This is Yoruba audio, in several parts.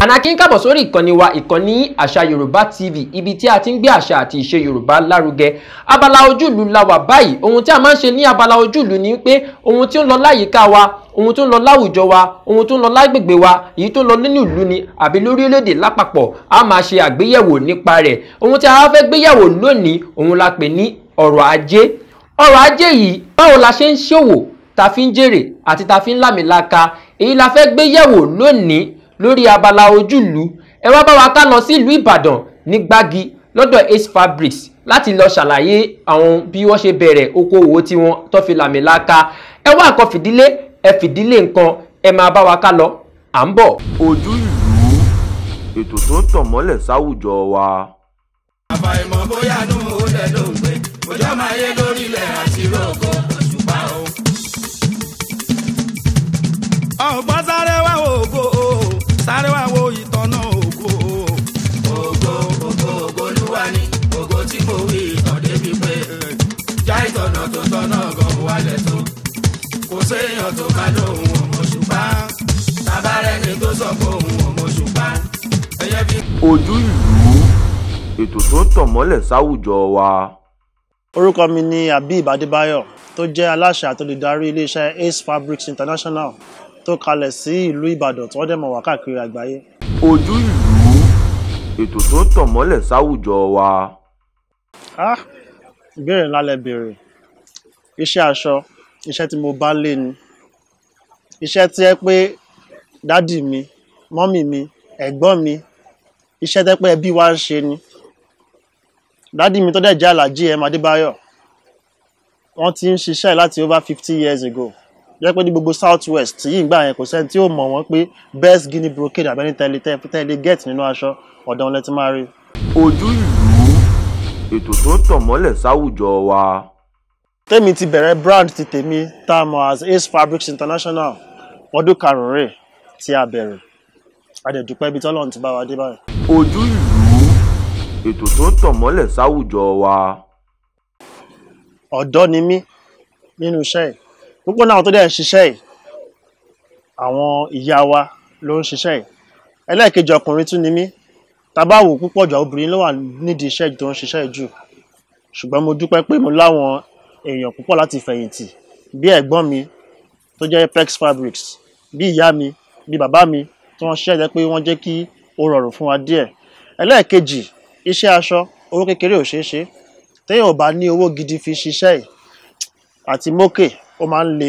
Anakin kábọ̀ sórí ìkànnì wa ìkànnì àṣà Yorùbá TV ibi tí a ti ń gbé àṣà àti ìṣe Yorùbá lárugẹ abala ojúlù la wà báyìí ohun tí a máa ń ṣe ní abala ojúlù ni pé ohun tí ó ń lọ láyìíká wa ohun tó ń lọ láwùjọ wa ohun tó ń lọ lágbègbè wa èyí tó ń lọ nínú ìlú ni àbí lórílẹ̀‐èdè lápapọ̀ a máa ṣe àgbéyẹ̀wò nípa rẹ̀ ohun tí a fẹ́ gbéyẹ̀wò lónìí ohun la pè ní ọrọ̀ ajé ọrọ̀ ajé yìí báwo la ṣe ń ṣòwò ta fi ń jèrè àti ta fi ń làmìlaka èyí la fẹ́ gbéyẹ̀wò lónìí lórí abala ojúlù ẹ wá bá wa ká lọ sí ìlú Ìbàdàn ní Gbági lọ́dọ̀ Ace Fabrics láti lọ ṣàlàyé àwọn bí wọ́n ṣe bẹ̀rẹ̀ okòwò tiwọn tó fi làmìlaka ẹ wá nǹkan fìdílé ẹ fìdílé nǹkan ẹ máa bá wa ká lọ à ń bọ̀. ojú ìlú ètò tó ń tàn mọ́lẹ̀ sáwùjọ wa. àbá ìmọ̀ bóyá nù ó lẹ̀ ló ń gbé ojú ọmọ lórílẹ̀ àti rògbò. séèyàn tó bá lóun ọmọ ṣùgbọ́n bàbá rẹ̀ ni tó sọ pé òun ọmọ ṣùgbọ́n ẹyẹ bí. ojú ìlú ètò tó ń tàn mọ́lẹ̀ sáwùjọ wa. orúkọ mi ni Habib Adébáyọ̀ tó jẹ́ aláṣẹ àtòlùdarí iléeṣẹ́ Ace Fabrics International tó kalẹ̀ sí ìlú Ìbàdàn tí wọ́n dẹ̀ mọ̀ wá káàkiri àgbáyé. ojú ìlú ètò tó ń tàn mọ́lẹ̀ sáwùjọ wa. ah ìbéèrè ńlá lẹ béèrè iṣẹ́ aṣọ iṣẹ́ tí mo bá lé ni iṣẹ́ tí ẹ pé dádì mi mọ́mì mi ẹ̀gbọ́n mi iṣẹ́ tẹ́ pé ẹbí wa ń ṣe ni dádì mi tó dẹ̀ jẹ́ aláàjì ẹ̀ Adébáyọ̀ wọ́n ti ń ṣiṣẹ́ láti over fifty years ago jẹ́ pé ní gbogbo south west yìí ìgbà yẹn kò sẹ́ni tí ó mọ̀ wọ́n pé best guinea brocade abẹ́ni tẹ́lẹ̀ tẹ́lẹ̀ get nínú aṣọ ọ̀dọ̀ wọn lẹ ti máa rí. ojú ìlú ètò tó ń tàn mọ́lẹ̀ sáwùjọ wa tẹ́mi ti bẹ̀rẹ̀ brand ti tèmi tá a mọ̀ as Ace Fabrics International ọdún karùn-ún rẹ̀ tí a bẹ̀rẹ̀ adẹ̀dúpẹ́ ibi tọ́lọ́run ti bá wa dé báyìí. ojú ìlú ètò tó ń tàn mọ́lẹ̀ sáwùjọ wa. ọ̀dọ́ ni mí nínú iṣẹ́ yìí púpọ̀ náà tó dẹ̀ ń ṣiṣẹ́ yìí àwọn ìyá wa ló ń ṣiṣẹ́ yìí ẹlẹ́ẹ̀kejì ọkùnrin tún ni mí tábà wò púpọ̀ jù obìnrin ló wà nídìí iṣẹ́ tó ń ṣiṣẹ́ jù ṣùgbọ́n mo dúpẹ́ pé mo láwọn èèyàn púpọ̀ láti fẹ̀yìntì bí ẹ̀gbọ́n mi tó jẹ́ pex fabrics bí ìyá mi bí bàbá mi tí wọ́n ṣiṣẹ́ jẹ́ pé wọ́n jẹ́ kí ó rọrùn fún wa díẹ̀ ẹlẹ́ẹ̀kejì iṣẹ́ aṣọ owó kékeré ò ṣeé ṣe téèyàn ò bá ní owó gidi fi ṣiṣẹ́ yìí àti mókè ó máa ń le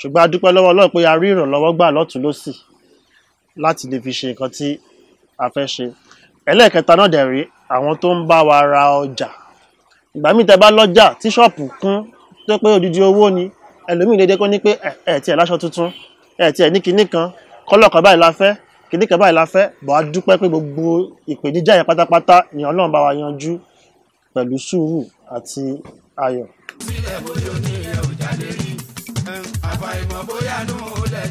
ṣùgbọ́n a dúpẹ́ lọ́wọ́ Ọlọ́run pé a rí ìrànlọ́wọ́ gbà lọ́tún lọ́sì láti lè fi ṣe nǹkan tí a fẹ́ ṣe ẹlẹ́ẹ̀kẹta náà dẹ̀ rí àwọn tó ń bá wa ra ọjà ìgbà míì tẹ́ bá lọ́jà tí ṣọ́ọ̀pù kún tó pé odidi owó ni ẹlòmíì lè jẹ́ kó ní pé ẹ̀ ẹ̀ tiẹ̀ láṣọ tuntun ti tiẹ̀ ní kinní kan kọ́lọ̀ báyìí la fẹ́ kinní kan báyìí la fẹ́ bọ̀ á dúpẹ́ pé gbogbo ìpèníjà yẹn pátápátá ni Ọlọ́run bá wa yanjú pẹ̀lú sùúrù àti ayọ̀. sílẹ̀ bójú ní ilẹ̀ òjà lè rí àfàìmọ̀ bóyá nù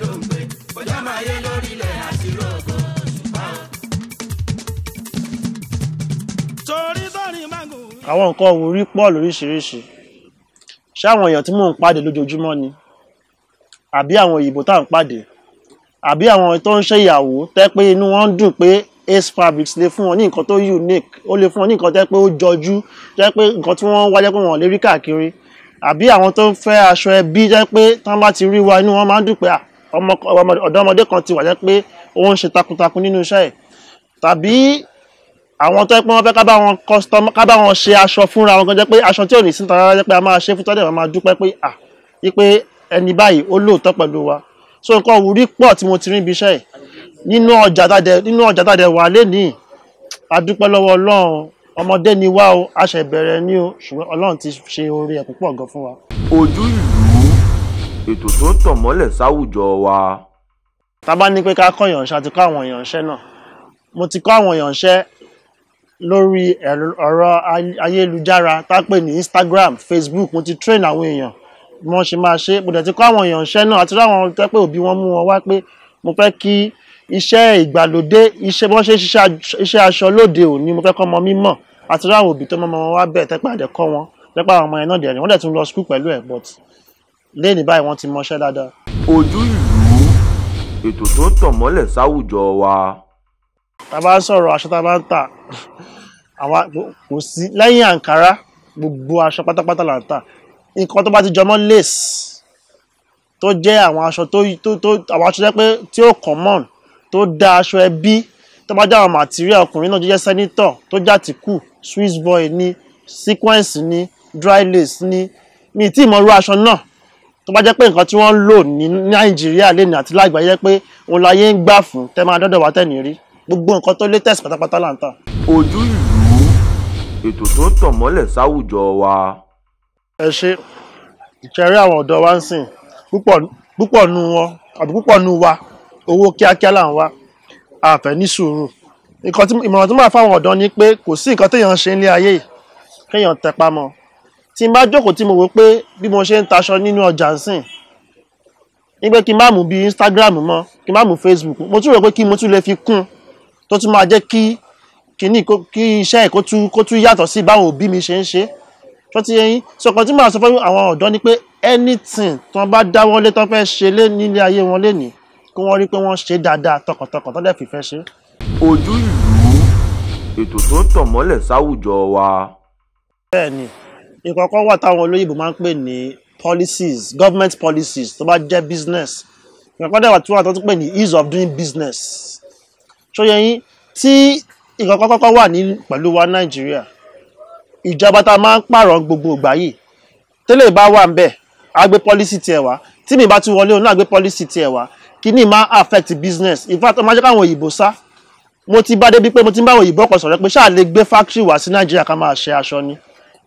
ló ń gbé bójá máa yé lórí àti rògbò. àwọn nǹkan òwúrí pọ̀ lóríṣiríṣi ṣé àwọn èèyàn tí mò ń pàdé lójoojúmọ́ ni àbí àwọn òyìnbó tá à ń pàdé àbí àwọn tó ń ṣe ìyàwó tẹ́ pé inú wọn ń dùn pé Ace Fabrics lè fún wọn ní nǹkan tó unique ó lè fún wọn ní nǹkan tẹ́ pé ó jọjú tẹ́ pé nǹkan tí wọ́n wá jẹ́ pé wọ́n lè rí káàkiri àbí àwọn tó ń fẹ́ aṣọ ẹbí jẹ́ pé tán bá ti rí wa inú wọn máa ń dùn pé ọ̀dọ́mọdé kan ti wà jẹ́ pé ó ń ṣe takuntakun nínú iṣẹ́ ẹ̀ tàbí àwọn tó yẹ pé wọ́n fẹ́ ká bá wọn custom ká bá wọn ṣe aṣọ fúnra wọn kan jẹ́ pé aṣọ tí ò ní síta rárá jẹ́ pé a máa ṣe fún tọ́lẹ̀ wọn máa dúpẹ́ pé à yí pé ẹni báyìí ó lóòótọ́ pẹ̀lú wa so nǹkan òwúrí pọ̀ tí mo ti rí ibi iṣẹ́ yìí nínú ọjà tàdẹ nínú ọjà tàdẹ wà lénìí a lọ́wọ́ ọlọ́run ọmọdé ni wá o a ṣẹ̀ bẹ̀rẹ̀ ní o ṣùgbọ́n ọlọ́run ti ṣe oore ẹ̀ púpọ̀ gan fún wa. ojú ìlú ètò tó ń tàn mọ́lẹ̀ sáwùjọ wa. tá bá ní pé ká kọ́ ìyànṣẹ́ àti kọ́ àwọn ìyànṣẹ́ náà mo ti kọ́ àwọn ìyànṣẹ́ lórí ẹ̀rọ ayélujára tá pè ní Instagram Facebook mo ti train àwọn èèyàn bí wọ́n ṣe máa ṣe mo dẹ̀ ti kọ́ àwọn èèyàn iṣẹ́ náà àti láwọn tẹ́ pé òbí wọn mú wọn wá pé mo fẹ́ kí iṣẹ́ ìgbàlódé iṣẹ́ bí wọ́n ṣe ń ṣiṣẹ́ aṣọ lóde òní mo fẹ́ kọ́ ọmọ mi mọ̀ àti láwọn òbí tó mọ́ ọmọ wọn wá bẹ̀ tẹ́pẹ́ àdẹ́kọ́ wọn tẹ́pẹ́ àwọn ọmọ yẹn náà dẹ̀ ni wọ́n dẹ̀ tún lọ skul pẹ̀lú ẹ̀ but lẹ́ni báyìí wọ́n ti mọṣẹ́ dáadáa. ojú ìlú ètò tó ń tàn mọ́lẹ̀ sáwùjọ wa tá a bá sọ̀rọ̀ aṣọ tá a bá ń tà àwa kò sí lẹ́yìn àǹkárá gbogbo aṣọ pátápátá là ń tà nǹkan tó bá ti jọmọ́ lace tó jẹ́ àwọn aṣọ tó tó àwọn aṣọ jẹ́ pé tí ó common tó dá aṣọ ẹbí tó bá jẹ́ àwọn material ọkùnrin náà jẹ́ senator tó jẹ́ àtìkù swiss boy ní sequence ní dry lace ní mi ì tí ì mọ irú aṣọ náà tó bá jẹ́ pé nǹkan tí wọ́n ń lò ní nàìjíríà lẹ́nu àti lágbàáyé pé òun láyé ń gbà fún tẹ́ máa dọ́dọ̀ wá tẹ̀ ní rí gbogbo nǹkan tó latest pátápátá là ń tà. ojú ìlú ètò tó ń tàn mọ́lẹ̀ sáwùjọ wa. ẹ ṣe ìṣẹ̀rí àwọn ọ̀dọ́ wa ń sìn púpọ̀ nu wọn àbí púpọ̀ nu wa owó kíákíá là ń wá àfẹ́ ní sùúrù ìmọ̀ràn tó máa fáwọn ọ̀dọ́ ni pé kò sí nǹkan téèyàn ń ṣe nílé ayé kéèyàn tẹpa mọ́ tí n bá jókòó tí mo wò pé bí mo ṣe ń taṣọ nínú ọjà ń sìn ní pé kí n má mú bí Instagram mọ́ kí n má mú Facebook mo tún rò pé kí mo tún lè fi kún un tó tún máa jẹ́ kí kíní kí iṣẹ́ ẹ̀ kó tún yàtọ̀ sí báwọn òbí mi ṣe ń ṣe tó ti yẹn sọ̀kan tí màá sọ fún àwọn ọ̀dọ́ ni pé anything tí wọ́n bá dáwọ́lé tó fẹ́ ṣe lé nílé ayé wọn lénìí kí wọ́n rí pé wọ́n ṣe dáadáa tọkàntọkàn tó dẹ̀ fìfẹ́ ṣe. ojú ìlú ètò tó ń tàn mọ́lẹ̀ sáwùjọ wa. bẹ́ẹ̀ni ìkọ̀kọ̀ wà táwọn olóyìnbó máa ń pè ní policies government policies tó bá jẹ́ business ìkọ̀kọ̀ dẹ̀ wà tí wọ́n àtọ́tún pè ní ease of doing business ṣóyẹ yín tí nǹkan kọ́kọ́kọ́ wà ní pẹ̀lú wa nàìjíríà ìjọba tá a máa ń pààrọ̀ gbogbo ìgbà yìí tẹ́lẹ̀ bá wà ń bẹ̀ á gbé pọ́lísì tiẹ̀ wá tí mi bá ti wọlé òun náà gbé pọ́lísì tiẹ̀ wá kí ni máa affect business in fact ọmọ ajẹ́ká àwọn òyìnbó sá mo ti bá débi pé mo ti ń bá àwọn òyìnbó ọkọ̀ sọ̀rọ̀ pé ṣáà lè gbé factory wá sí nàìjíríà ká máa ṣe aṣọ ni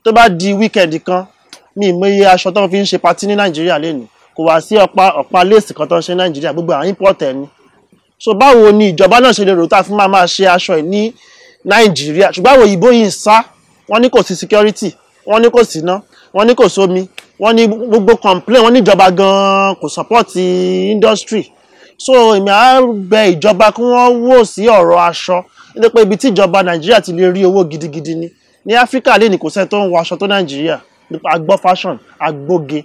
tó bá di weekend kan mi ì mọ iye aṣọ tó fi ń ṣe patí ní nàìjíríà lénìí kò wá sí ọ̀pá ọ̀pá léèsì kan tó ń ṣe ní nàìjíríà gbogbo à ń import ẹ̀ ni so báwo ni ìjọba náà ṣe lè rò tá a fi máa máa ṣe aṣọ ẹ̀ ní nàìjíríà ṣùgbọ́n àwọn òyìnbó yìí ń sá wọ́n ní kò sí security wọ́n ní kò sí iná wọ́n ní kò sómi wọ́n ní gbogbo complain wọ́n ní ìjọba gan-an kò support industry so èmi á bẹ ìjọba kí wọ́n wò sí ọ̀rọ̀ aṣọ nítorí pé ibi tí ìjọba nàìjíríà ti lè rí owó gidigidi ni ní áfíríkà lè ní kò sẹ́ni tó ń wọ aṣọ tó nàìjíríà nípa agbọ́ fashion agbóge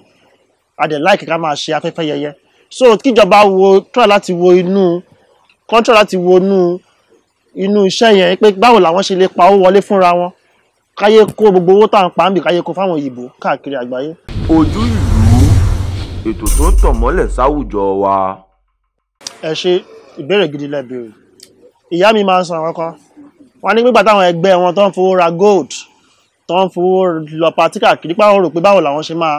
adẹ̀ láìkí ká máa ṣe afẹ́fẹ́ yẹyẹ so kíjọba wo try láti wo inú contract láti wọnú inú iṣẹ́ yẹn pé báwo làwọn ṣe lè pa owó wọlé fúnra wọn káyé kó gbogbo owó tá à ń pa ń bì káyé kó fáwọn òyìnbó káàkiri àgbáyé. ojú ìlú ètò tó ń tàn mọ́lẹ̀ sáwùjọ wa. ẹ ṣe ìbéèrè gidi lẹ béèrè ìyá mi máa ń sọ àwọn kan wọn ní pípa táwọn ẹgbẹ́ wọn tó ń fowó ra gold tó ń fowó lọ patí káàkiri pé rò pé báwo làwọn ṣe máa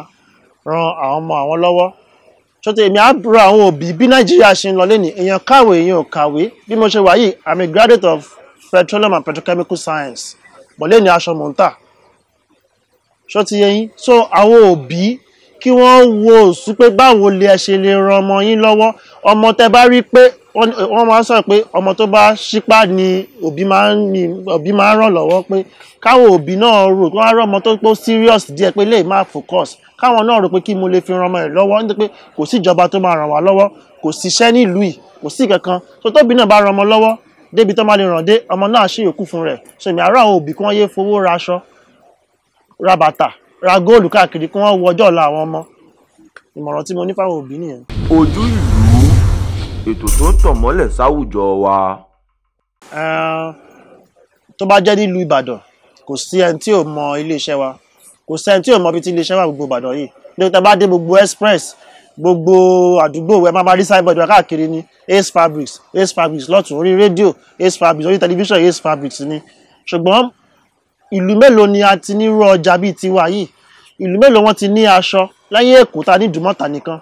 ran àwọn ọmọ àwọn lọ́wọ́ ṣọtẹ èmi á rọ àwọn òbí bí nàìjíríà ṣe ń lọ lẹ́nu èèyàn kàwé èèyàn kàwé bí mo ṣe wà yìí i'm a graduate of petroleum and petrochemical science bọ̀ lẹ́nu aṣọ mò ń tà ṣọtẹ yẹn so àwọn òbí kí wọ́n wo òsú pé báwo lè ẹ ṣe lè ran ọmọ yín lọ́wọ́ ọmọ tẹ bá rí pé wọ́n máa ń sọ pé ọmọ tó bá ṣípá ni òbí máa ń ni òbí máa ń ràn lọ́wọ́ pé káwọn òbí náà rò wọ́n á rọ ọmọ tó pé serious díẹ̀ pé lè má focus káwọn náà rò pé kí mo lè fi ran ọmọ rẹ̀ lọ́wọ́ nítorí pé kò sí ìjọba tó máa ràn wá lọ́wọ́ kò síṣẹ́ nílùú yìí kò sí kankan tó tóbi náà bá ran ọmọ lọ́wọ́ débi tó máa lè ràn dé ọmọ náà ṣe yòókù fún rẹ̀ so ìmì àárọ̀ àwọn òbí kí wọ́n yé fowó ra aṣọ ra bàtà ra góòlù káàkiri kí wọ́n wo ọjọ́ ọ̀la àwọn ọmọ ìmọ̀ràn tí mo ní fáwọn òbí nìyẹn. ojú ìlú ètò tó ń tàn mọ́lẹ̀ sáwùjọ wa. tó bá jẹ́ nílùú ìbàdàn kò sí ẹni tí ò mọ iléeṣẹ́ wa kò sẹ́ni tí ò mọ ibi tí iléeṣẹ́ wa gbogbo ìbàdàn yìí nígbà tá bá dé gbogbo express gbogbo àdúgbò ẹ máa ma rí signboard wa káàkiri ni ace fabrics ace fabrics lọ́tún orí rédíò ace fabrics orí tẹlifíṣàn ace fabrics ni ṣùgbọ́n ìlú mélòó ni a ti nírú ọjà bíi tiwa yìí ìlú mélòó wọn ti ní aṣọ lẹ́yìn èkó ta ní ìdúmọ̀tà nìkan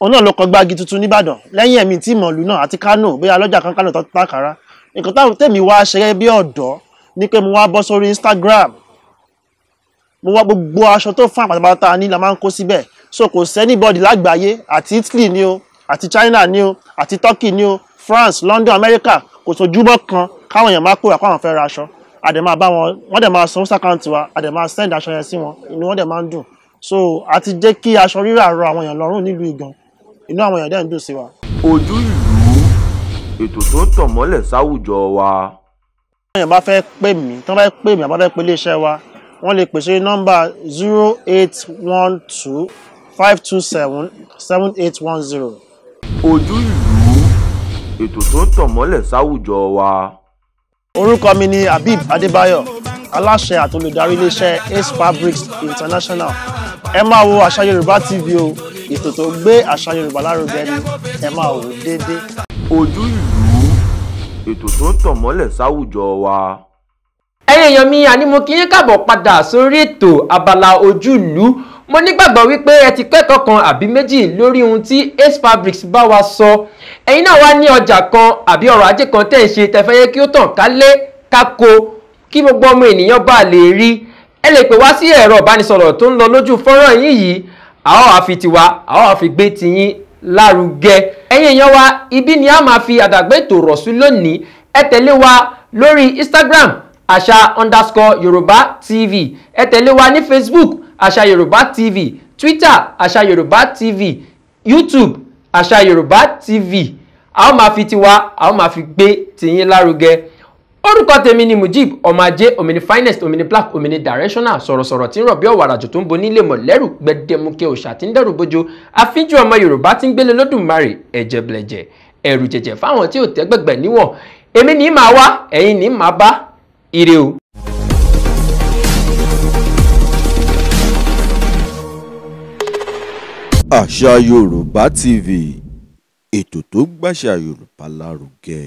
òun náà ló kọ gbági tuntun nìbàdàn lẹ́yìn ẹ̀mí tí ìmọ̀lú náà àti kánò bóyá lọ́jà kan kánò tó tàkàrà nǹkan táwọn tèmi wá ṣe gẹ́gẹ́ bí ọ̀dọ́ ni pé mo wá bọ́ sórí Instagram mo wá gbogbo aṣọ tó fún àpàtàpàtà ní la máa ń kó síbẹ̀ so kò sẹ́nibọ́dì lágbàáyé àti Italy ni o àti China ni o àti Turkey ni o France London America kò sojúbọ kan káwọn èèyàn má kóra káwọn fẹ́ ra aṣọ a dẹ̀ máa bá wọn wọ́n dẹ̀ máa sanwó sàkáǹtì wa a dẹ̀ máa send aṣọ yẹn sí wọn inú wọn dẹ̀ máa ń dùn so a jẹ́ kí aṣọ rírà rọ àwọn èèyàn lọ́rùn nílùú Ìgàn inú àwọn èèyàn dẹ̀ ń dùn sí wa. ojú ìlú ètò tó ń tàn mọ́lẹ̀ sáwùjọ wa. àwọn èèyàn bá fẹ́ pè mí tí wọ́n bá pè mí àbá fẹ́ pe iléeṣẹ́ wa wọ́n lè pèsè nọ́mbà zero eight one two five two seven seven eight one zero. ojú ìlú ètò tó ń tàn mọ́lẹ̀ sáwùjọ wa orúkọ mi ni Habib Adébáyọ̀ aláṣẹ àti olùdarí iléeṣẹ́ Ace Fabrics International ẹ máa wo àṣà Yorùbá TV o ètò tó gbé àṣà Yorùbá lárugẹ ni ẹ máa wò déédéé. ojú ìlú ètò tó ń tàn mọ́lẹ̀ sáwùjọ wa. ẹ̀yin èèyàn mi àní mo kí yín káàbọ̀ padà sórí ètò abala ojú ìlú mo nígbàgbọ́ wípé ẹ ti kẹ́kọ̀ọ́ kan àbí méjì lórí ohun tí Ace Fabrics bá wa sọ ẹ̀yin náà wá ní ọjà kan àbí ọrọ̀ ajé kan tẹ̀ ń ṣe tẹ̀fẹ́yẹ kí ó tàn kálé kákó kí gbogbo ọmọ ènìyàn bá lè rí ẹ lè pè wá sí ẹ̀rọ ìbánisọ̀rọ̀ tó ń lọ lójú fọ́nrán yín yìí àwọn àfi tiwa àwọn àfi gbé tiyín lárugẹ ẹ̀yin èèyàn wa ibi ni a máa fi àdàgbé ètò rọ̀ lónìí ẹ tẹ̀lé wa lórí Instagram àṣà underscore Yorùbá TV ẹ tẹ̀lé wa ní Facebook àṣà yorùbá tv twitter àṣà yorùbá tv youtube àṣà yorùbá tv a ó máa fi tiwa a ó máa fi gbé tiyín lárugẹ orúkọ tèmi ni mujib ọmọ Omini finest Omini black Omini directional sọ̀rọ̀sọ̀rọ̀ tí ń rọ̀ bí ọ̀wàrà jù tó ń bo nílé mọ̀lẹ́rù gbẹdẹmukẹ òòṣà tí ń dẹrù bójó àfínjú ọmọ yorùbá tí ń gbélé lódùmarè ẹ̀jẹ̀ blẹ̀jẹ̀ ẹ̀rù jẹ̀jẹ̀ fáwọn tí ò tẹ́gbẹ̀gbẹ̀ níwọ̀n èmi ní màá wá ẹ̀yin ní màá bá ire o. àṣà yorùbá tv ètò tó gbàṣà yorùbá lárugẹ